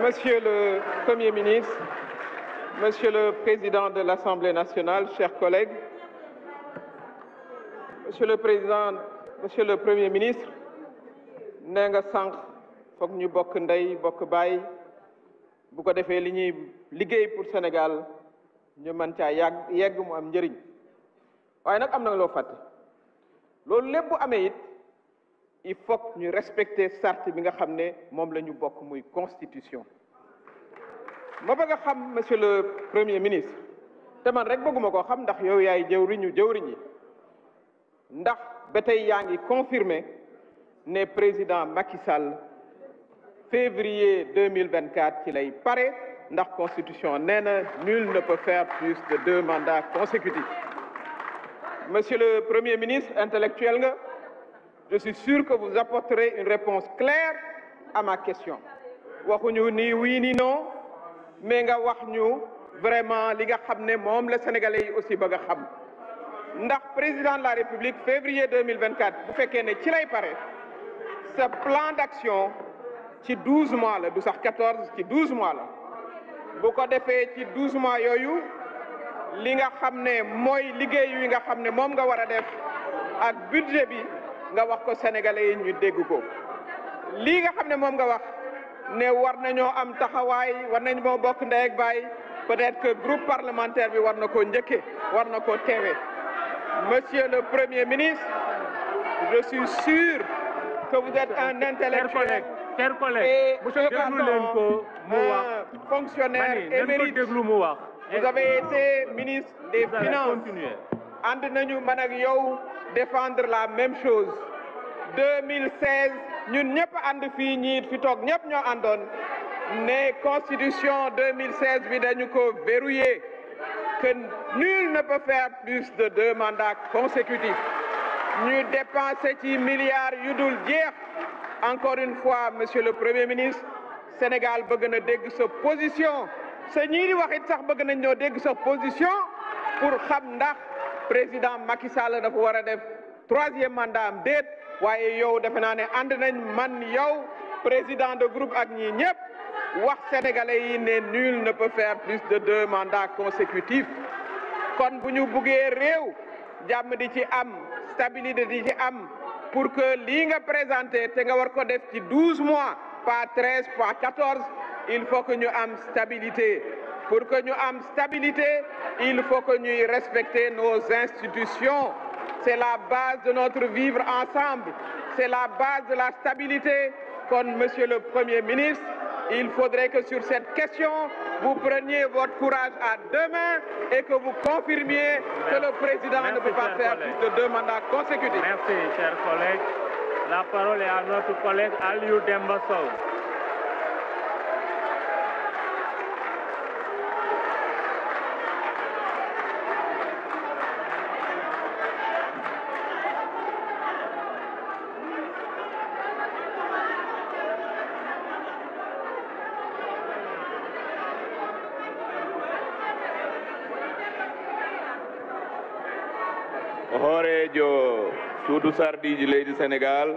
Monsieur le Premier ministre, Monsieur le Président de l'Assemblée nationale, chers collègues, Monsieur le Président, Monsieur le Premier ministre, nee nga sànq foog ñu bokk ndey bokk baay bu ko defee li ñuy liggéey pour Sénégal ñu mën caa yàgg yegg mu am njëriñ waaye nag am na loo fàtte loolu lépp bu amee it il faut ñu respecter charte bi nga xam ne moom la ñu bokk muy constitution ma bëgg a xam monsieur le premier ministre te man rek bëgguma koo xam ndax yow yaay jëwriñu jëwriñ yi ndax ba tey yaa ngi confirmé ne président Macky Sall février 2024 ci lay pare ndax constitution nee na nul ne peut faire plus de deux mandats consécutifs monsieur le premier ministre intellectuel nga je suis sûr que vous apporterez une réponse claire à ma question waxuñu ni oui mais nga wax ñu vraiment li nga xam ne moom la sénégalais yi aussi ba nga xam ndax président de la république février 2024 bu fekkee ne ci lay pare sa plan d'action ci 12 mois la du sax 14 ci 12 mois la bu ko defee ci 12 mois yooyu li nga xam ne mooy liggéey yi nga xam ne moom nga war a def ak budget bi nga wax ko sénégalais yi ñu dégg ko lii nga xam ne moom nga wax ne war nañoo am taxawaay war nañ moo bokk ndey ak baay peut-être que groupe parlementaire bi war na koo njëkke war na koo teewe monsieur le premier ministre je suis sûr que vous êtes un intellectuel chers collègues déglu leen ko mu euh, wax fonctionnaire émérite déglu mu wax vous avez été ministre des finances ànd nañu man ak yow défendre la même chose 2016 ñun ñëpp ànd fii ñiit fi toog ñëpp ñoo àndoon ne constitution 2016 bi dañu ko verrouiller que nul ne peut faire plus de deux mandats consécutifs ñu dépensé ci milliards yu dul jeex encore une fois monsieur le premier ministre Sénégal bëgg na dégg sa position sa ñii di wax it sax bëgg nañ ñoo dégg sa position pour xam ndax président Macky Sall dafa war a def troisième mandat am déet waaye yow defe naa ne ànd nañ man yow président de groupe ak ñi ñëpp wax sénégalais yi ne nul ne peut faire plus de deux mandats consécutifs kon bu ñu buggee réew jàmm di ci am stabilité di ci am pour que lii nga présenté te nga war ko def ci douze mois pas treize pas quatorze il faut que ñu am stabilité pour que ñu am stabilité il faut que ñuy respecter nos institutions c'est la base de notre vivre ensemble, c'est la base de la stabilité. Comme Monsieur le Premier ministre, il faudrait que sur cette question, vous preniez votre courage à deux mains et que vous confirmiez que le président Merci, ne peut pas faire plus de deux mandats consécutifs. chers collègues. La parole est à notre collègue Aliou Dembassou. hoorejo suudu sarɗiji leydi sénégal